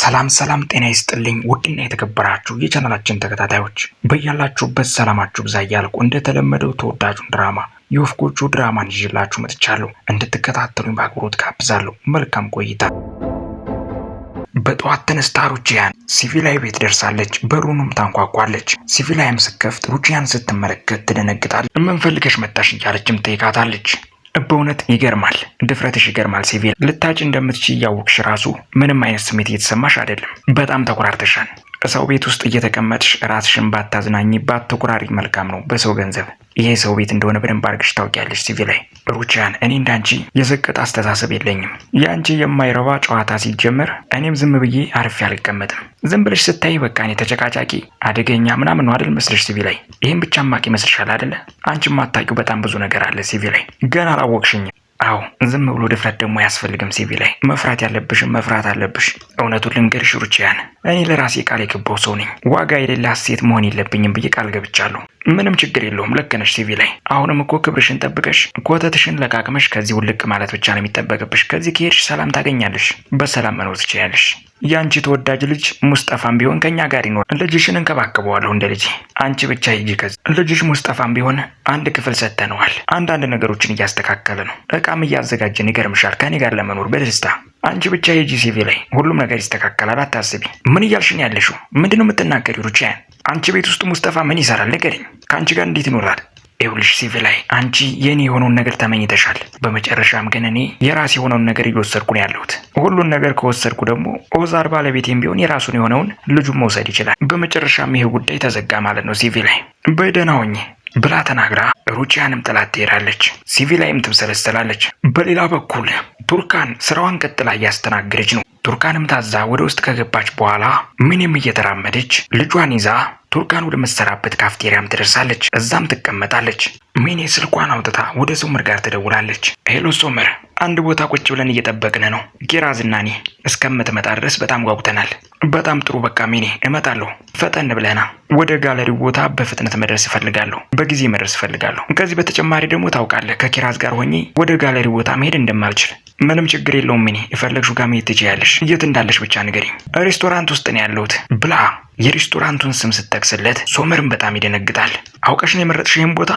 ሰላም ሰላም፣ ጤና ይስጥልኝ ውድና የተከበራችሁ የቻናላችን ተከታታዮች በያላችሁበት ሰላማችሁ ብዛ እያልኩ እንደተለመደው ተወዳጁን ድራማ የወፍ ጎጆ ድራማን ይዤላችሁ መጥቻለሁ። እንድትከታተሉኝ በአክብሮት ጋብዛለሁ። መልካም ቆይታ። በጠዋት ተነስታ ሩችያን ሲቪላይ ቤት ደርሳለች። በሩንም ታንኳኳለች። ሲቪላይም ስከፍት ሩቺያን ስትመለከት ትደነግጣለች። ምን ፈልገሽ መጣሽ እያለችም ጠይቃታለች። በእውነት ይገርማል፣ ድፍረትሽ ይገርማል ሲቪል። ልታጭ እንደምትች እያወቅሽ ራሱ ምንም አይነት ስሜት እየተሰማሽ አይደለም። በጣም ተኩራርተሻል። ሰው ቤት ውስጥ እየተቀመጥሽ ራስሽን ባታዝናኝባት ተኩራሪ መልካም ነው። በሰው ገንዘብ ይሄ ሰው ቤት እንደሆነ በደንብ አድርግሽ ታውቂያለሽ። ሲቪ ላይ ሩቺያን፣ እኔ እንዳንቺ የዘቀጠ አስተሳሰብ የለኝም። የአንቺ የማይረባ ጨዋታ ሲጀመር እኔም ዝም ብዬ አርፌ አልቀመጥም። ዝም ብለሽ ስታይ በቃ እኔ ተጨቃጫቂ አደገኛ ምናምን ነው አደል መስለሽ። ሲቪ ላይ ይህም ብቻ ማቅ ይመስልሻል አደለ? አንቺ ማታውቂው በጣም ብዙ ነገር አለ። ሲቪ ላይ ገና አላወቅሽኝም። አዎ ዝም ብሎ ድፍረት ደግሞ አያስፈልግም። ሲቪ ላይ መፍራት ያለብሽም መፍራት አለብሽ። እውነቱን ልንገርሽ ሩችያን፣ እኔ ለራሴ ቃል የገባው ሰው ነኝ። ዋጋ የሌለ ሴት መሆን የለብኝም ብዬ ቃል ገብቻለሁ። ምንም ችግር የለውም። ልክ ነሽ ሲቪ ላይ አሁንም እኮ ክብርሽን ጠብቀሽ ኮተትሽን ለቃቅመሽ ከዚህ ውልቅ ማለት ብቻ ነው የሚጠበቅብሽ። ከዚህ ከሄድሽ ሰላም ታገኛለሽ፣ በሰላም መኖር ትችያለሽ። የአንቺ ተወዳጅ ልጅ ሙስጠፋም ቢሆን ከኛ ጋር ይኖር፣ ልጅሽን እንከባከበዋለሁ እንደ ልጅ። አንቺ ብቻ ሂጂ ከዚህ። ልጅሽ ሙስጠፋም ቢሆን አንድ ክፍል ሰጥተነዋል። አንዳንድ ነገሮችን እያስተካከለ ነው፣ እቃም እያዘጋጀን። ይገርምሻል ከኔ ጋር ለመኖር በደስታ አንቺ ብቻ ሂጂ ሲቪ ላይ ሁሉም ነገር ይስተካከላል፣ አታስቢ። ምን እያልሽ ነው ያለሽው? ምንድን ነው አንቺ ቤት ውስጥ ሙስጠፋ ምን ይሰራል? ንገሪኝ። ከአንቺ ጋር እንዴት ይኖራል? ይኸውልሽ ሲቪ ላይ አንቺ የእኔ የሆነውን ነገር ተመኝተሻል። በመጨረሻም ግን እኔ የራስ የሆነውን ነገር እየወሰድኩ ነው ያለሁት። ሁሉን ነገር ከወሰድኩ ደግሞ ኦዛር ባለቤቴም ቢሆን የራሱን የሆነውን ልጁን መውሰድ ይችላል። በመጨረሻም ይሄ ጉዳይ ተዘጋ ማለት ነው ሲቪ ላይ በደህና ሆኜ ብላ ተናግራ ሩቺያንም ጥላት ትሄዳለች። ሲቪ ላይም ትብሰለሰላለች። በሌላ በኩል ቡርካን ስራዋን ቀጥላ እያስተናገደች ነው። ቱርካንም ታዛ ወደ ውስጥ ከገባች በኋላ ምንም እየተራመደች ልጇን ይዛ ቱርካን ወደምትሰራበት ካፍቴሪያም ትደርሳለች። እዛም ትቀመጣለች። ሚኔ ስልኳን አውጥታ ወደ ሶመር ጋር ትደውላለች። ሄሎ ሶመር፣ አንድ ቦታ ቁጭ ብለን እየጠበቅን ነው። ጌራዝ እና እኔ እስከምትመጣ ድረስ በጣም ጓጉተናል። በጣም ጥሩ። በቃ ሚኔ እመጣለሁ። ፈጠን ብለና ወደ ጋለሪው ቦታ በፍጥነት መድረስ እፈልጋለሁ። በጊዜ መድረስ እፈልጋለሁ። ከዚህ በተጨማሪ ደግሞ ታውቃለህ፣ ከኪራዝ ጋር ሆኜ ወደ ጋለሪ ቦታ መሄድ እንደማልችል ምንም ችግር የለውም። እኔ የፈለግሽው ጋር መሄድ ትችያለሽ። የት እንዳለሽ ብቻ ንገሪኝ። ሬስቶራንት ውስጥ ነው ያለሁት ብላ የሬስቶራንቱን ስም ስትጠቅስለት ሶመርን በጣም ይደነግጣል። አውቀሽ ነው የመረጥሽ ይህን ቦታ?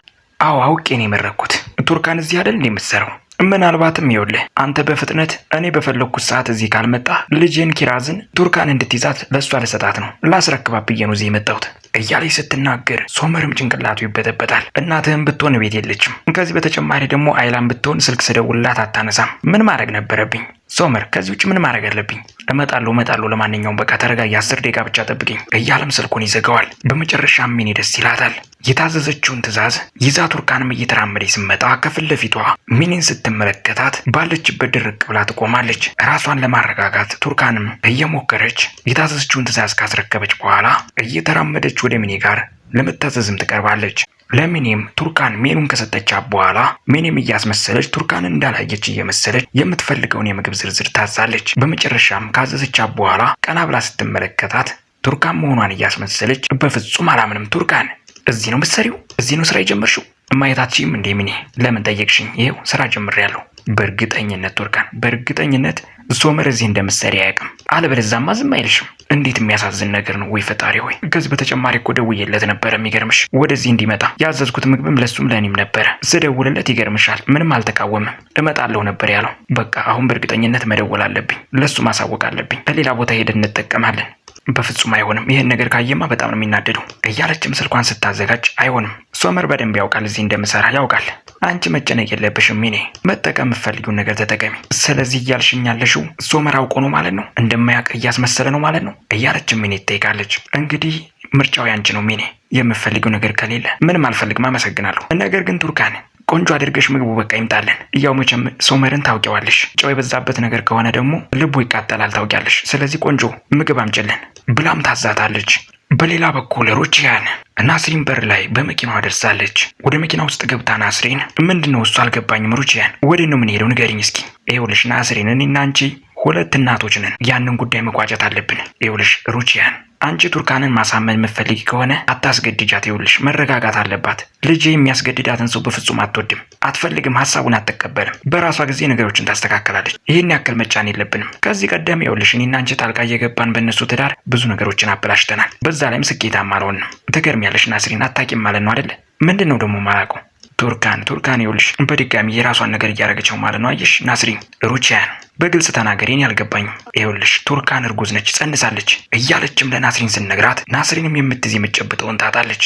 አዎ አውቄ ነው የመረጥኩት። ቱርካን እዚህ አይደል እንዴ የምትሰራው? ምናልባትም ይኸውልህ አንተ በፍጥነት እኔ በፈለግኩት ሰዓት እዚህ ካልመጣ ልጅን ኪራዝን ቱርካን እንድትይዛት ለእሷ ልሰጣት ነው ላስረክባት ብዬ ነው እዚህ የመጣሁት እያለች ስትናገር ሶመርም ጭንቅላቱ ይበጠበጣል። እናትህም ብትሆን ቤት የለችም። ከዚህ በተጨማሪ ደግሞ አይላም ብትሆን ስልክ ስደውልላት አታነሳም። ምን ማድረግ ነበረብኝ? ሶመር ከዚህ ውጭ ምን ማድረግ አለብኝ? እመጣለሁ እመጣለሁ። ለማንኛውም በቃ ተረጋጊ፣ አስር ደቂቃ ብቻ ጠብቅኝ እያለም ስልኩን ይዘጋዋል። በመጨረሻ ሚኔ ደስ ይላታል። የታዘዘችውን ትዕዛዝ ይዛ ቱርካንም እየተራመደች ስመጣ ከፊት ለፊቷ ሚኔን ስትመለከታት ባለችበት ድርቅ ብላ ትቆማለች። ራሷን ለማረጋጋት ቱርካንም እየሞከረች የታዘዘችውን ትዕዛዝ ካስረከበች በኋላ እየተራመደች ወደ ሚኔ ጋር ለመታዘዝም ትቀርባለች። ለሚኒም ቱርካን ሜኑን ከሰጠቻት በኋላ ሚኒም እያስመሰለች ቱርካን እንዳላየች እየመሰለች የምትፈልገውን የምግብ ዝርዝር ታዛለች። በመጨረሻም ካዘዘቻት በኋላ ቀና ብላ ስትመለከታት ቱርካን መሆኗን እያስመሰለች በፍጹም አላምንም፣ ቱርካን እዚህ ነው ምትሰሪው? እዚህ ነው ስራ የጀመርሽው? እማየታችም እንዴ ሚኒ ለምን ጠየቅሽኝ? ይኸው ስራ ጀምሬያለሁ። በእርግጠኝነት ቱርካን፣ በእርግጠኝነት ሶመር እዚህ እንደምትሰሪ አያውቅም። አለበለዚያማ ዝም አይልሽም። እንዴት የሚያሳዝን ነገር ነው! ወይ ፈጣሪ ሆይ! ከዚህ በተጨማሪ እኮ ደውዬለት ነበረ። የሚገርምሽ ወደዚህ እንዲመጣ ያዘዝኩት ምግብም ለሱም ለእኔም ነበረ። ስደውልለት ይገርምሻል፣ ምንም አልተቃወምም። እመጣለሁ ነበር ያለው። በቃ አሁን በእርግጠኝነት መደወል አለብኝ፣ ለሱ ማሳወቅ አለብኝ። ከሌላ ቦታ ሄደን እንጠቀማለን። በፍጹም አይሆንም፣ ይህን ነገር ካየማ በጣም ነው የሚናደደው እያለችም ስልኳን ስታዘጋጅ አይሆንም። ሶመር በደንብ ያውቃል፣ እዚህ እንደምሰራ ያውቃል። አንቺ መጨነቅ የለብሽም ሚኔ፣ መጠቀም የምትፈልጊውን ነገር ተጠቀሚ። ስለዚህ እያልሽኝ ያለሽው ሶመር አውቆ ነው ማለት ነው፣ እንደማያውቅ እያስመሰለ ነው ማለት ነው እያለችም ሚኔ ትጠይቃለች። እንግዲህ ምርጫው ያንቺ ነው ሚኔ፣ የምፈልገው ነገር ከሌለ ምንም አልፈልግም፣ አመሰግናለሁ። ነገር ግን ቱርካን ቆንጆ አድርገሽ ምግቡ በቃ ይምጣለን። እያው መቼም ሶመርን ታውቂዋለሽ፣ ጨው የበዛበት ነገር ከሆነ ደግሞ ልቡ ይቃጠላል ታውቂያለሽ። ስለዚህ ቆንጆ ምግብ አምጭልን ብላም ታዛታለች። በሌላ በኩል ሩችያን ናስሪን በር ላይ በመኪናዋ ደርሳለች። ወደ መኪና ውስጥ ገብታ ናስሪን፣ ምንድን ነው እሱ አልገባኝም። ሩችያን ወደ ነው የምንሄደው ንገሪኝ እስኪ። ይኸውልሽ ናስሪን፣ እኔና አንቺ ሁለት እናቶች ነን። ያንን ጉዳይ መቋጨት አለብን። ይኸውልሽ ሩቺያን አንቺ ቱርካንን ማሳመን የምትፈልጊ ከሆነ አታስገድጃት። ይኸውልሽ መረጋጋት አለባት። ልጄ የሚያስገድዳትን ሰው በፍጹም አትወድም፣ አትፈልግም፣ ሀሳቡን አትቀበልም። በራሷ ጊዜ ነገሮችን ታስተካከላለች። ይህን ያክል መጫን የለብንም። ከዚህ ቀደም ይኸውልሽ እኔና አንቺ ጣልቃ እየገባን በእነሱ ትዳር ብዙ ነገሮችን አበላሽተናል። በዛ ላይም ስኬታማ አልሆንም። ትገርሚያለሽ ናስሪን፣ አታቂም ማለት ነው አደለ? ምንድን ነው ደግሞ ማላውቀው ቱርካን ቱርካን ይኸውልሽ በድጋሚ የራሷን ነገር እያደረገችው ማለት ነው። አየሽ ናስሪን ሩቺያን በግልጽ ተናገሬን ያልገባኝ ይኸውልሽ ቱርካን እርጉዝ ነች፣ ጸንሳለች እያለችም ለናስሪን ስነግራት ናስሪንም የምትዝ የምጨብጠውን ታጣለች።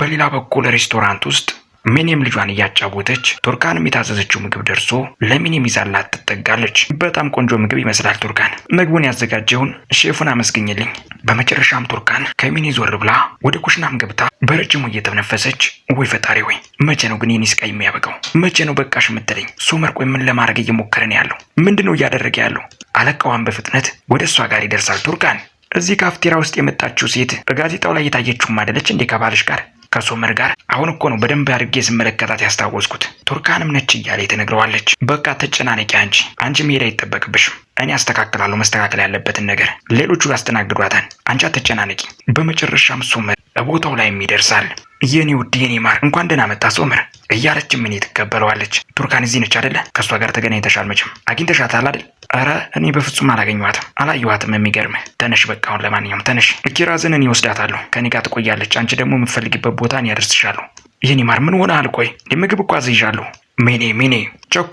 በሌላ በኩል ሬስቶራንት ውስጥ ሚኒም ልጇን እያጫወተች ቱርካንም የታዘዘችው ምግብ ደርሶ ለሚኒም ይዛላት ትጠጋለች። በጣም ቆንጆ ምግብ ይመስላል። ቱርካን ምግቡን ያዘጋጀውን ሼፉን አመስግኝልኝ። በመጨረሻም ቱርካን ከሚኒ ዞር ብላ ወደ ኩሽናም ገብታ በረጅሙ እየተነፈሰች ወይ ፈጣሪ ወይ መቼ ነው ግን የኔ ስቃይ የሚያበቃው? መቼ ነው በቃሽ የምትለኝ? ሶመር ቆይ ምን ለማድረግ እየሞከረን ያለው? ምንድን ነው እያደረገ ያለው? አለቃዋን በፍጥነት ወደ እሷ ጋር ይደርሳል። ቱርካን እዚህ ካፍቴራ ውስጥ የመጣችው ሴት በጋዜጣው ላይ የታየችውም አይደለች እንዴ ከባልሽ ጋር ከሶመር ጋር አሁን እኮ ነው በደንብ አድርጌ ስመለከታት ያስታወስኩት። ቱርካንም ነች እያለ ትነግረዋለች። በቃ ተጨናነቂ አንቺ አንቺ መሄድ አይጠበቅብሽም። እኔ አስተካክላለሁ መስተካከል ያለበትን ነገር፣ ሌሎቹ ያስተናግዷታል። አንቺ አትጨናነቂ። በመጨረሻም ሶመር ቦታው ላይም ይደርሳል። የኔ ውድ የኔ ማር እንኳን ደህና መጣ ሶመር እያለች ምን ትቀበለዋለች። ቱርካን እዚህ ነች አደለ? ከእሷ ጋር ተገናኝተሻል መቼም አግኝተሻታል አደል? አረ እኔ በፍጹም አላገኘኋትም አላየኋትም። የሚገርምህ ተነሽ፣ በቃ አሁን ለማንኛውም ተነሽ። ኪራዝን እኔ እወስዳታለሁ፣ ከኔ ጋር ትቆያለች። አንቺ ደግሞ የምትፈልጊበት ቦታ እኔ ያደርስሻለሁ። ይህን ማር ምን ሆነ አልቆይ ምግብ እኮ አዝይዣለሁ። ሜኔ ሜኔ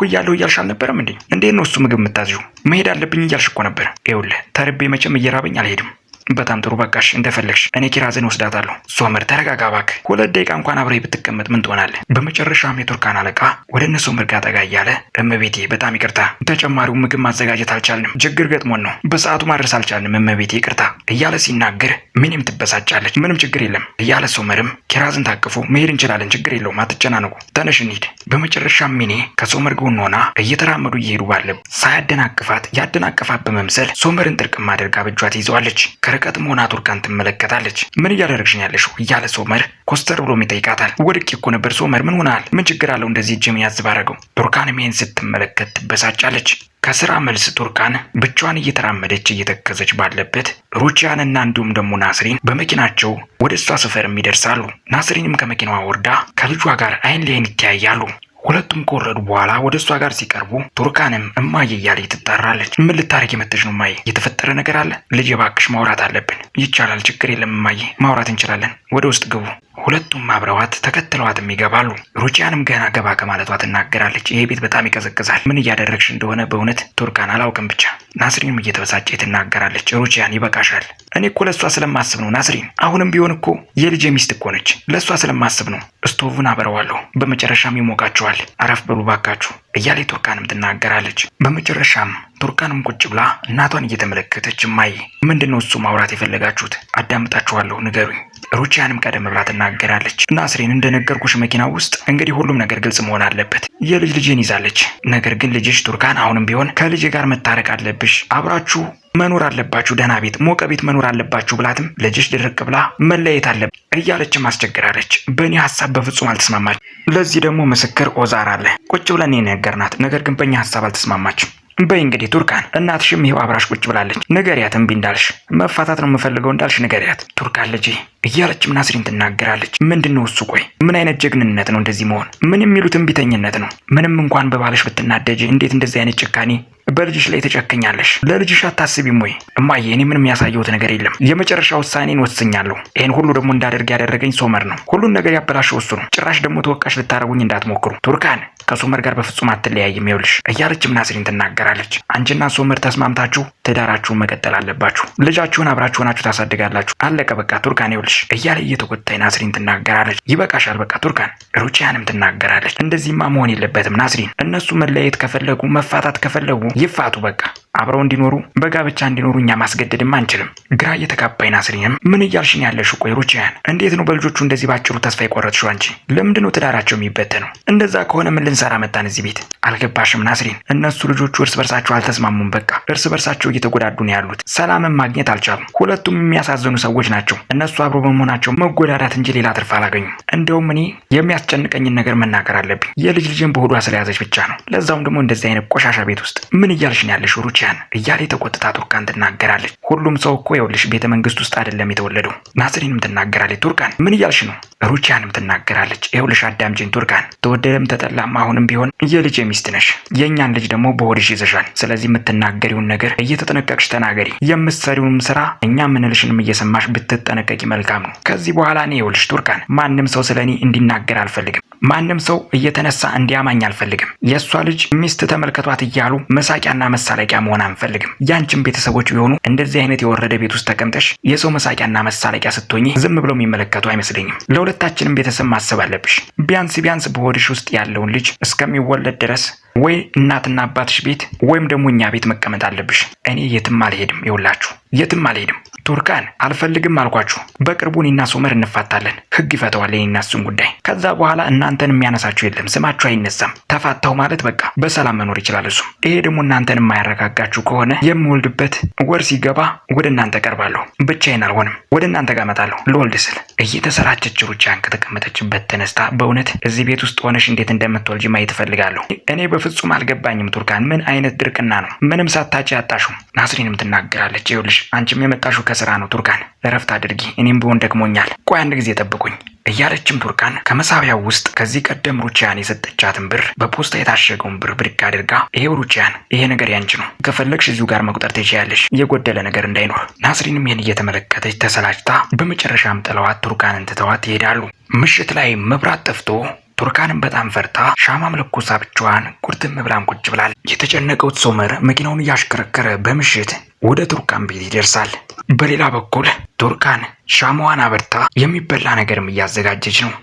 እያለሁ እያልሽ አልነበረም እንዴ? እንዴት ነው እሱ ምግብ የምታዝዡ? መሄድ አለብኝ እያልሽ እኮ ነበር። ይኸውልህ ተርቤ መቼም እየራበኝ አልሄድም በጣም ጥሩ በቃሽ፣ እንደፈለግሽ እኔ ኪራዝን ወስዳታለሁ። ሶመር ተረጋጋ እባክህ፣ ሁለት ደቂቃ እንኳን አብረህ ብትቀመጥ ምን ትሆናለህ? በመጨረሻም የቱርካን አለቃ ወደ እነ ሶመር ጋር ጠጋ እያለ እመቤቴ፣ በጣም ይቅርታ፣ ተጨማሪው ምግብ ማዘጋጀት አልቻልንም፣ ችግር ገጥሞን ነው፣ በሰዓቱ ማድረስ አልቻልንም፣ እመቤቴ ይቅርታ እያለ ሲናገር ምንም ትበሳጫለች፣ ምንም ችግር የለም እያለ ሶመርም ኪራዝን ታቅፎ መሄድ እንችላለን፣ ችግር የለውም፣ አትጨናነቁ፣ ተነሽ እንሂድ። በመጨረሻም ሚኔ ከሶመር ጎን ሆና እየተራመዱ እየሄዱ ባለ ሳያደናቅፋት ያደናቅፋት በመምሰል ሶመርን ጥርቅም አድርጋ በእጇ ትይዘዋለች። ርቀት መሆና ቱርካን ትመለከታለች። ምን እያደረግሽ ያለሽ እያለ ሶመር ኮስተር ብሎም ይጠይቃታል። ወድቄ እኮ ነበር ሶመር፣ ምን ሆናል? ምን ችግር አለው እንደዚህ እጅ ምን ያዝባረገው? ቱርካን ይህን ስትመለከት ትበሳጫለች። ከስራ መልስ ቱርካን ብቻዋን እየተራመደች እየተከዘች ባለበት ሩቺያንና እንዲሁም ደግሞ ናስሪን በመኪናቸው ወደ እሷ ሰፈርም ይደርሳሉ። ናስሪንም ከመኪናዋ ወርዳ ከልጇ ጋር አይን ላይን ይተያያሉ። ሁለቱም ከወረዱ በኋላ ወደ እሷ ጋር ሲቀርቡ ቱርካንም እማዬ እያለች ትጣራለች። ምን ልታረግ የመተሽ ነው እማዬ? የተፈጠረ ነገር አለ? ልጄ እባክሽ ማውራት አለብን። ይቻላል፣ ችግር የለም እማዬ፣ ማውራት እንችላለን። ወደ ውስጥ ግቡ ሁለቱም አብረዋት ተከትለዋትም ይገባሉ። ሩቺያንም ገና ገባ ከማለቷ ትናገራለች። ይሄ ቤት በጣም ይቀዘቅዛል። ምን እያደረግሽ እንደሆነ በእውነት ቱርካን አላውቅም። ብቻ ናስሪንም እየተበሳጨ ትናገራለች። ሩቺያን ይበቃሻል። እኔ እኮ ለእሷ ስለማስብ ነው ናስሪን። አሁንም ቢሆን እኮ የልጅ ሚስት እኮ ነች። ለእሷ ስለማስብ ነው። ስቶቭን አበረዋለሁ። በመጨረሻም ይሞቃችኋል። አረፍ በሉ ባካችሁ። እያለ ቱርካንም ትናገራለች። በመጨረሻም ቱርካንም ቁጭ ብላ እናቷን እየተመለከተች ማይ ምንድን ነው እሱ ማውራት የፈለጋችሁት? አዳምጣችኋለሁ፣ ንገሩኝ። ሩቺያንም ቀደም ብላ ትናገራለች። ናስሬን እንደነገርኩሽ መኪና ውስጥ እንግዲህ ሁሉም ነገር ግልጽ መሆን አለበት። የልጅ ልጅን ይዛለች። ነገር ግን ልጅሽ ቱርካን አሁንም ቢሆን ከልጅ ጋር መታረቅ አለብሽ አብራችሁ መኖር አለባችሁ፣ ደህና ቤት፣ ሞቀ ቤት መኖር አለባችሁ ብላትም ልጅሽ ድርቅ ብላ መለየት አለ እያለችም አስቸግራለች። በእኔ ሀሳብ በፍጹም አልተስማማች። ለዚህ ደግሞ ምስክር ኦዛር አለ። ቁጭ ብለን ነገርናት። ነገር ግን በእኛ ሀሳብ አልተስማማችም። በይ እንግዲህ ቱርካን፣ እናትሽም ይሄው አብራሽ ቁጭ ብላለች። ንገሪያት እምቢ እንዳልሽ መፋታት ነው የምፈልገው እንዳልሽ ንገሪያት። ቱርካን ልጄ እያለችም ናስሪን ትናገራለች። ምንድን ነው እሱ? ቆይ ምን አይነት ጀግንነት ነው እንደዚህ መሆን? ምን የሚሉት እምቢተኝነት ነው? ምንም እንኳን በባለሽ ብትናደጅ እንዴት እንደዚህ አይነት ጭካኔ በልጅሽ ላይ ተጨክኛለሽ። ለልጅሽ አታስቢም ወይ? እማዬ፣ እኔ ምንም ያሳየሁት ነገር የለም። የመጨረሻ ውሳኔን ወስኛለሁ። ይህን ሁሉ ደግሞ እንዳደርግ ያደረገኝ ሶመር ነው። ሁሉን ነገር ያበላሸው እሱ ነው። ጭራሽ ደግሞ ተወቃሽ ልታደርጉኝ እንዳትሞክሩ። ቱርካን ከሶመር ጋር በፍጹም አትለያይም፣ ይኸውልሽ እያለች ምናስሪን ትናገራለች። አንቺና ሶመር ተስማምታችሁ ትዳራችሁን መቀጠል አለባችሁ። ልጃችሁን አብራችሁ ሆናችሁ ታሳድጋላችሁ። አለቀ በቃ ቱርካን፣ ይኸውልሽ እያለ እየተቆጣኝ ናስሪን ትናገራለች። ይበቃሻል በቃ ቱርካን። ሩጪያንም ትናገራለች። እንደዚህማ መሆን የለበትም ናስሪን። እነሱ መለያየት ከፈለጉ መፋታት ከፈለጉ ይፋቱ በቃ። አብረው እንዲኖሩ በጋብቻ እንዲኖሩ እኛ ማስገደድም አንችልም። ግራ እየተጋባይ ናስሪንም ምን እያልሽን ያለሽው? ቆይ ያን እንዴት ነው በልጆቹ እንደዚህ ባጭሩ ተስፋ የቆረጥሽው አንቺ? ለምንድን ነው ትዳራቸው የሚበተነው? እንደዛ ከሆነ ምን ልንሰራ መጣን እዚህ ቤት? አልገባሽም ናስሪን፣ እነሱ ልጆቹ እርስ በርሳቸው አልተስማሙም። በቃ እርስ በርሳቸው እየተጎዳዱ ነው ያሉት። ሰላምን ማግኘት አልቻሉም። ሁለቱም የሚያሳዝኑ ሰዎች ናቸው። እነሱ አብሮ በመሆናቸው መጎዳዳት እንጂ ሌላ ትርፍ አላገኙም። እንደውም እኔ የሚያስጨንቀኝን ነገር መናገር አለብኝ። የልጅ ልጅን በሆዷ ስለያዘች ብቻ ነው። ለዛውም ደግሞ እንደዚህ አይነት ቆሻሻ ቤት ውስጥ ምን እያልሽን ያለሽው ሩቺያን? ቤተክርስቲያን እያለ የተቆጥታ ቱርካን ትናገራለች። ሁሉም ሰው እኮ የውልሽ ቤተ መንግስት ውስጥ አይደለም የተወለደው። ናስሪንም ትናገራለች። ቱርካን ምን እያልሽ ነው? ሩቺያንም ትናገራለች። የውልሽ አዳምጪኝ ቱርካን፣ ተወደደም ተጠላም አሁንም ቢሆን የልጅ ሚስት ነሽ። የእኛን ልጅ ደግሞ በሆድሽ ይዘሻል። ስለዚህ የምትናገሪውን ነገር እየተጠነቀቅሽ ተናገሪ። የምትሰሪውንም ስራ እኛ ምንልሽንም እየሰማሽ ብትጠነቀቂ መልካም ነው። ከዚህ በኋላ እኔ የውልሽ ቱርካን፣ ማንም ሰው ስለ እኔ እንዲናገር አልፈልግም። ማንም ሰው እየተነሳ እንዲያማኝ አልፈልግም። የእሷ ልጅ ሚስት ተመልከቷት እያሉ መሳቂያና መሳለቂያ መሆን አንፈልግም። ያንችም ቤተሰቦች ቢሆኑ እንደዚህ አይነት የወረደ ቤት ውስጥ ተቀምጠሽ የሰው መሳቂያና መሳለቂያ ስትሆኝ ዝም ብለው የሚመለከቱ አይመስለኝም። ለሁለታችንም ቤተሰብ ማሰብ አለብሽ። ቢያንስ ቢያንስ በሆድሽ ውስጥ ያለውን ልጅ እስከሚወለድ ድረስ ወይ እናትና አባትሽ ቤት ወይም ደግሞ እኛ ቤት መቀመጥ አለብሽ። እኔ የትም አልሄድም፣ ይውላችሁ የትም አልሄድም። ቱርካን አልፈልግም አልኳችሁ። በቅርቡ እኔና ሶመር እንፋታለን። ህግ ይፈተዋል የኔና እሱን ጉዳይ። ከዛ በኋላ እናንተን የሚያነሳችሁ የለም፣ ስማችሁ አይነሳም። ተፋታሁ ማለት በቃ በሰላም መኖር ይችላል እሱም። ይሄ ደግሞ እናንተን የማያረጋጋችሁ ከሆነ የምወልድበት ወር ሲገባ ወደ እናንተ ቀርባለሁ። ብቻዬን አልሆንም፣ ወደ እናንተ ጋር እመጣለሁ ልወልድ ስል። እየተሰራቸች ሩጫን ከተቀመጠችበት ተነስታ፣ በእውነት እዚህ ቤት ውስጥ ሆነሽ እንዴት እንደምትወልጅ ማየት እፈልጋለሁ እኔ በፍጹም አልገባኝም። ቱርካን ምን አይነት ድርቅና ነው? ምንም ሳታጭ ያጣሹ። ናስሪንም ትናገራለች። ይኸውልሽ አንቺም የመጣሹ ከስራ ነው ቱርካን፣ እረፍት አድርጊ። እኔም ብሆን ደክሞኛል። ቆይ አንድ ጊዜ ጠብቁኝ እያለችም ቱርካን ከመሳቢያው ውስጥ ከዚህ ቀደም ሩቺያን የሰጠቻትን ብር በፖስታ የታሸገውን ብር ብድግ አድርጋ ይሄው ሩቺያን፣ ይሄ ነገር ያንቺ ነው፣ ከፈለግሽ እዚሁ ጋር መቁጠር ትችያለሽ፣ የጎደለ ነገር እንዳይኖር። ናስሪንም ይህን እየተመለከተች ተሰላችታ፣ በመጨረሻም ጥለዋት ቱርካንን ትተዋት ይሄዳሉ። ምሽት ላይ መብራት ጠፍቶ ቱርካንም በጣም ፈርታ ሻማም ለኩሳ ብቻዋን ቁርትም ብላም ቁጭ ብላል። የተጨነቀው ሶመር መኪናውን እያሽከረከረ በምሽት ወደ ቱርካን ቤት ይደርሳል። በሌላ በኩል ቱርካን ሻማዋን አበርታ የሚበላ ነገርም እያዘጋጀች ነው።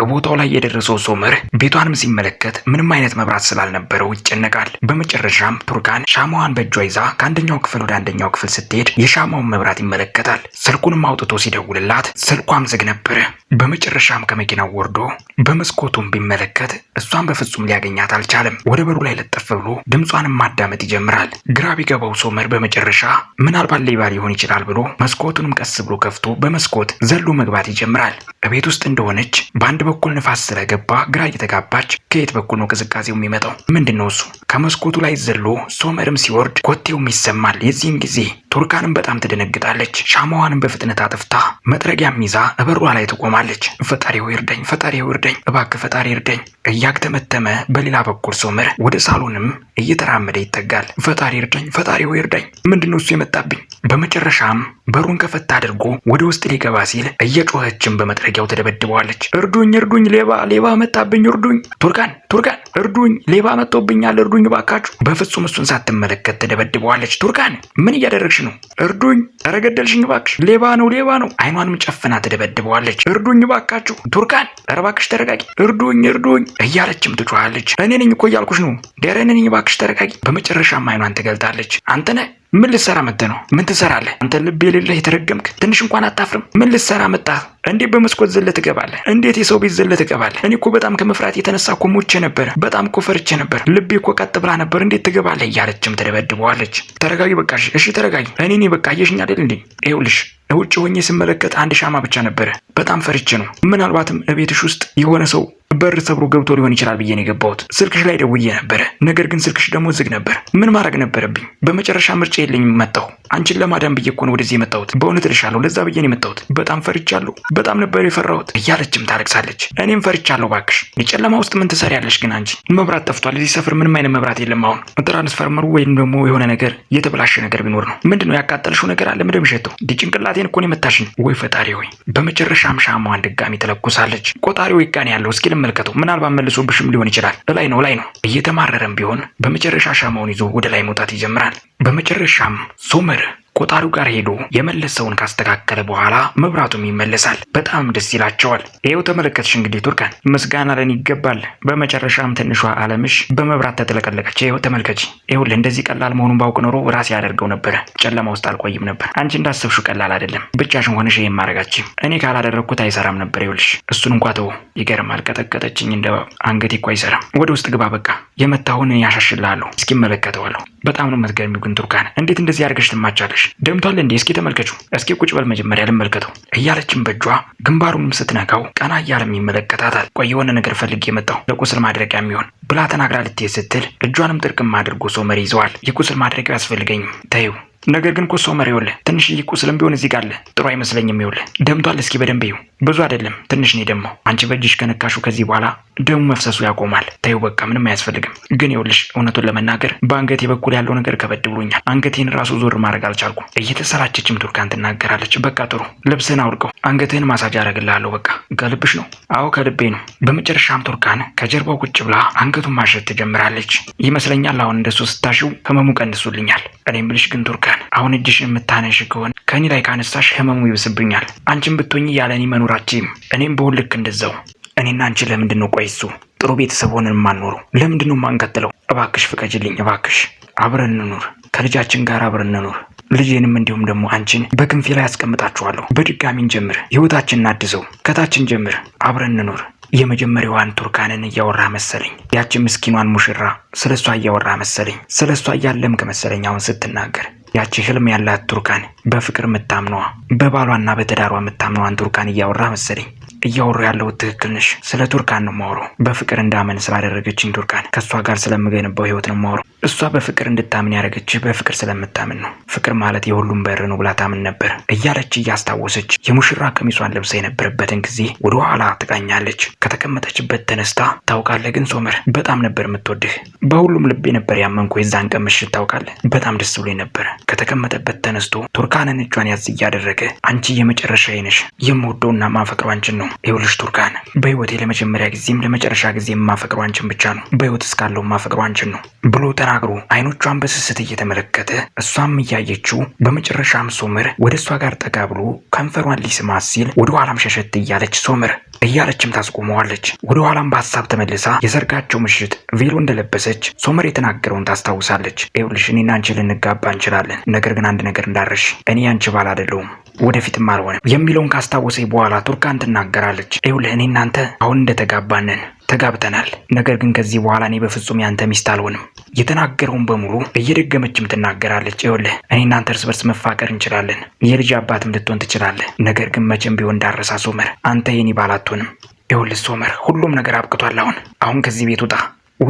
በቦታው ላይ የደረሰው ሶመር ቤቷንም ሲመለከት ምንም አይነት መብራት ስላልነበረው ይጨነቃል። በመጨረሻም ቱርካን ሻማዋን በእጇ ይዛ ከአንደኛው ክፍል ወደ አንደኛው ክፍል ስትሄድ የሻማውን መብራት ይመለከታል። ስልኩንም አውጥቶ ሲደውልላት ስልኳም ዝግ ነበረ። በመጨረሻም ከመኪናው ወርዶ በመስኮቱም ቢመለከት እሷን በፍጹም ሊያገኛት አልቻለም። ወደ በሩ ላይ ለጠፍ ብሎ ድምጿንም ማዳመጥ ይጀምራል። ግራ ቢገባው ሶመር በመጨረሻ ምናልባት ሌባ ሊሆን ይችላል ብሎ መስኮቱንም ቀስ ብሎ ከፍቶ በመስኮት ዘሎ መግባት ይጀምራል። እቤት ውስጥ እንደሆነች በአንድ በአንድ በኩል ንፋስ ስለገባ ግራ እየተጋባች ከየት በኩል ነው ቅዝቃዜው የሚመጣው? ምንድን ነው እሱ? ከመስኮቱ ላይ ዘሎ ሶመርም ሲወርድ ኮቴውም ይሰማል። የዚህን ጊዜ ቱርካንም በጣም ትደነግጣለች። ሻማዋንም በፍጥነት አጥፍታ መጥረጊያም ይዛ እበሯ ላይ ትቆማለች። ፈጣሪው ይርደኝ፣ ፈጣሪው ይርደኝ፣ እባክ ፈጣሪ ይርደኝ እያግተመተመ በሌላ በኩል ሶመር ወደ ሳሎንም እየተራመደ ይጠጋል። ፈጣሪ ይርደኝ፣ ፈጣሪው ይርደኝ፣ ምንድነው እሱ የመጣብኝ? በመጨረሻም በሩን ከፈታ አድርጎ ወደ ውስጥ ሊገባ ሲል እየጮኸችም በመጥረጊያው ተደበድበዋለች። እርዱኝ፣ እርዱኝ፣ ሌባ፣ ሌባ መጣብኝ፣ እርዱኝ፣ ቱርካን፣ ቱርካን፣ እርዱኝ፣ ሌባ መጥቶብኛል፣ እርዱኝ ባካችሁ። በፍጹም እሱን ሳትመለከት ተደበድበዋለች። ቱርካን ምን እያደረግሽ ነው። እርዱኝ፣ ኧረ ገደልሽኝ እባክሽ! ሌባ ነው፣ ሌባ ነው! አይኗንም ጨፍና ትደበድበዋለች። እርዱኝ እባካችሁ! ቱርካን፣ ኧረ እባክሽ ተረጋጊ! እርዱኝ፣ እርዱኝ እያለችም ትጮኻለች። እኔ ነኝ እኮ እያልኩሽ ነው፣ ደረኔ ነኝ፣ እባክሽ ተረጋጊ! በመጨረሻም አይኗን ትገልጣለች። አንተነ ምን ልትሰራ መጥተህ ነው? ምን ትሰራለህ? አንተ ልብ የሌለህ የተረገምክ፣ ትንሽ እንኳን አታፍርም? ምን ልትሰራ መጣህ? እንዴት በመስኮት ዘለ ትገባለህ? እንዴት የሰው ቤት ዘለ ትገባለህ? እኔ እኮ በጣም ከመፍራት የተነሳ እኮ ሞቼ ነበር። በጣም እኮ ፈርቼ ነበር። ልቤ እኮ ቀጥ ብላ ነበር። እንዴት ትገባለህ? እያለችም ተደበድበዋለች። ተረጋጊ በቃ እሺ፣ እሺ ተረጋጊ። እኔ እኔ በቃ እየሽኝ አይደል እንዴ? ይኸውልሽ ውጭ ሆኜ ስመለከት አንድ ሻማ ብቻ ነበረ። በጣም ፈርቼ ነው። ምናልባትም እቤትሽ ውስጥ የሆነ ሰው በር ሰብሮ ገብቶ ሊሆን ይችላል ብዬ ነው የገባሁት። ስልክሽ ላይ ደውዬ ነበረ፣ ነገር ግን ስልክሽ ደግሞ ዝግ ነበር። ምን ማድረግ ነበረብኝ? በመጨረሻ ምርጫ የለኝም መጣሁ። አንቺን ለማዳን ብዬ እኮ ነው ወደዚህ የመጣሁት። በእውነት እልሻለሁ፣ ለዛ ብዬ ነው የመጣሁት። በጣም ፈርቻለሁ፣ በጣም ነበር የፈራሁት እያለችም ታለቅሳለች። እኔም ፈርቻለሁ ባክሽ። የጨለማ ውስጥ ምን ትሰሪያለሽ ግን አንቺ? መብራት ጠፍቷል። እዚህ ሰፈር ምንም አይነት መብራት የለም። አሁን ትራንስፈርመሩ ወይም ደግሞ የሆነ ነገር የተበላሸ ነገር ቢኖር ነው። ምንድን ነው ያቃጠልሽው ነገር አለ? ምንድን ሸተው ጭንቅላቴን እኮ ነው የመታሽኝ። ወይ ፈጣሪ ሆይ! በመጨረሻም ሻማዋን ድጋሚ ትለኩሳለች። ቆጣሪው ይጋን ያለው እስኪ ተመልከተው። ምናልባት ብሽም ሊሆን ይችላል። እላይ ነው ላይ ነው። እየተማረረም ቢሆን በመጨረሻ ሻማውን ይዞ ወደ ላይ መውጣት ይጀምራል። በመጨረሻም ሶመር ከቆጣሪው ጋር ሄዶ የመለሰውን ካስተካከለ በኋላ መብራቱም ይመለሳል። በጣም ደስ ይላቸዋል። ይኸው ተመለከትሽ እንግዲህ ቱርካን፣ ምስጋና ለን ይገባል። በመጨረሻም ትንሿ አለምሽ በመብራት ተጥለቀለቀች። ይኸው ተመልከች። ይኸውልህ እንደዚህ ቀላል መሆኑን ባውቅ ኖሮ ራሴ ያደርገው ነበረ። ጨለማ ውስጥ አልቆይም ነበር። አንቺ እንዳሰብሽው ቀላል አይደለም። ብቻሽን ሆነሽ ይህም ማድረጋችን እኔ ካላደረግኩት አይሰራም ነበር። ይኸውልሽ እሱን እንኳ ተው። ይገርማል። ቀጠቀጠችኝ እንደ አንገቴ እኮ አይሰራም። ወደ ውስጥ ግባ በቃ የመታሁን ያሻሽላሉ። እስኪመለከተዋለሁ። በጣም ነው የምትገርሚው ግን ቱርካን፣ እንዴት እንደዚህ አድርገሽ ትማቻለሽ? ደምቷል እንዴ? እስኪ ተመልከቹ። እስኪ ቁጭ በል መጀመሪያ ልመልከተው እያለችም በእጇ ግንባሩንም ስትነካው ቀና እያለም ይመለከታታል። ቆይ የሆነ ነገር ፈልጌ የመጣው ለቁስል ማድረቂያ የሚሆን ብላ ተናግራ ልትሄድ ስትል እጇንም ጥርቅም አድርጎ ሶመር ይዘዋል። የቁስል ማድረቂያ አያስፈልገኝም ተይው ነገር ግን ኮሶ መሪ ወለ ትንሽ ቁስልም ቢሆን እዚህ ጋር አለ። ጥሩ አይመስለኝም። ይኸውልህ ደምቷል። እስኪ በደንብ ይው ብዙ አይደለም ትንሽ ነው ደግሞ አንቺ በእጅሽ ከነካሹ ከዚህ በኋላ ደሙ መፍሰሱ ያቆማል። ተይው በቃ ምንም አያስፈልግም። ግን ይኸውልሽ እውነቱን ለመናገር በአንገቴ በኩል ያለው ነገር ከበድ ብሎኛል። አንገቴን ራሱ ዞር ማድረግ አልቻልኩም። እየተሰራቸችም ቱርካን ትናገራለች። በቃ ጥሩ ልብስህን አውልቀው አንገትህን ማሳጅ አደርግልሃለሁ። በቃ ከልብሽ ነው? አዎ ከልቤ ነው። በመጨረሻም ቱርካን ከጀርባው ቁጭ ብላ አንገቱን ማሸት ትጀምራለች። ይመስለኛል አሁን እንደሱ ስታሽው ህመሙ ቀንሱልኛል። እኔም ብልሽ ግን ቱርካን አሁን እጅሽን የምታነሽ ከሆነ ከእኔ ላይ ካነሳሽ ህመሙ ይብስብኛል። አንቺም ብትሆኝ ያለ እኔ መኖራችም እኔም በሁልክ እንደዛው እኔና አንቺ ለምንድን ነው ቆይ እሱ ጥሩ ቤተሰብ ሆነን የማንኖረው? ለምንድን ነው የማንቀጥለው? እባክሽ ፍቀጅልኝ፣ እባክሽ አብረን እንኑር፣ ከልጃችን ጋር አብረን እንኑር። ልጄንም እንዲሁም ደግሞ አንቺን በክንፌ ላይ አስቀምጣችኋለሁ። በድጋሚን ጀምር፣ ህይወታችንን አድሰው፣ ከታችን ጀምር፣ አብረን እንኑር። የመጀመሪያዋን ቱርካንን እያወራ መሰለኝ፣ ያቺ ምስኪኗን ሙሽራ ስለ እሷ እያወራ መሰለኝ፣ ስለ እሷ እያለምክ መሰለኝ አሁን ስትናገር። ያቺ ህልም ያላት ቱርካን በፍቅር የምታምነዋ በባሏና በትዳሯ የምታምነዋን ቱርካን እያወራ መሰለኝ። እያወሩ ያለው ትክክል ነሽ። ስለ ቱርካን ነው ማወሩ። በፍቅር እንዳመን ስላደረገችኝ ቱርካን ከእሷ ጋር ስለምገነባው ህይወት ነው ማወሩ። እሷ በፍቅር እንድታምን ያደረገች በፍቅር ስለምታምን ነው። ፍቅር ማለት የሁሉም በር ነው ብላ ታምን ነበር እያለች እያስታወሰች የሙሽራ ቀሚሷን ለብሳ የነበረበትን ጊዜ ወደ ኋላ ትቃኛለች። ከተቀመጠችበት ተነስታ ታውቃለህ፣ ግን ሶመር በጣም ነበር የምትወድህ። በሁሉም ልቤ ነበር ያመንኩ የዛን ቀን ምሽት ታውቃለህ፣ በጣም ደስ ብሎ ነበር። ከተቀመጠበት ተነስቶ ቱርካንን እጇን ያዝ እያደረገ አንቺ የመጨረሻ ይነሽ የምወደውና ማፈቅረው ነው ይኸውልሽ ቱርካን፣ በህይወቴ ለመጀመሪያ ጊዜም ለመጨረሻ ጊዜ የማፈቅሩ አንቺን ብቻ ነው፣ በህይወት እስካለው የማፈቅረው አንቺን ነው ብሎ ተናግሮ አይኖቿን በስስት እየተመለከተ እሷም እያየችው፣ በመጨረሻም ሶምር ወደ እሷ ጋር ጠጋ ብሎ ከንፈሯን ሊስማት ሲል ወደ ኋላም ሸሸት እያለች ሶምር እያለችም ታስቆመዋለች። ወደ ኋላም በሀሳብ ተመልሳ የሰርጋቸው ምሽት ቬሎ እንደለበሰች ሶመር የተናገረውን ታስታውሳለች። ይኸውልሽ እኔና አንቺ ልንጋባ እንችላለን፣ ነገር ግን አንድ ነገር እንዳረሽ እኔ ያንቺ ባል አይደለሁም ወደፊትም አልሆነም የሚለውን ካስታወሰኝ በኋላ ቱርካን ትናገራለች። ይኸውልህ እኔ እናንተ አሁን እንደተጋባንን ተጋብተናል። ነገር ግን ከዚህ በኋላ እኔ በፍጹም ያንተ ሚስት አልሆንም። የተናገረውን በሙሉ እየደገመችም ትናገራለች። ይኸውልህ እኔ እናንተ እርስ በርስ መፋቀር እንችላለን፣ የልጅ አባትም ልትሆን ትችላለህ። ነገር ግን መቼም ቢሆን እንዳረሳ ሶመር፣ አንተ የኔ ባል አትሆንም። ይኸውልህ ሶመር፣ ሁሉም ነገር አብቅቷል። አሁን አሁን ከዚህ ቤት ውጣ፣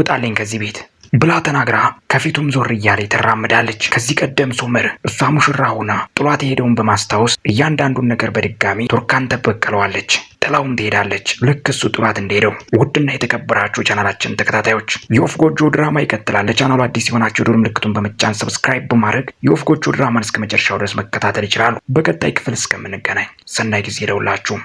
ውጣለኝ ከዚህ ቤት ብላ ተናግራ ከፊቱም ዞር እያለ ትራምዳለች። ከዚህ ቀደም ሶመር እሷ ሙሽራ ሆና ጥሏት የሄደውን በማስታወስ እያንዳንዱን ነገር በድጋሚ ቱርካን ተበቀለዋለች። ጥላውም ትሄዳለች፣ ልክ እሱ ጥሏት እንደሄደው። ውድና የተከበራችሁ ቻናላችን ተከታታዮች የወፍ ጎጆ ድራማ ይቀጥላል። ለቻናሉ አዲስ የሆናችሁ የዶር ምልክቱን በመጫን ሰብስክራይብ በማድረግ የወፍ ጎጆ ድራማን እስከ መጨረሻው ድረስ መከታተል ይችላሉ። በቀጣይ ክፍል እስከምንገናኝ ሰናይ ጊዜ ይደውላችሁ።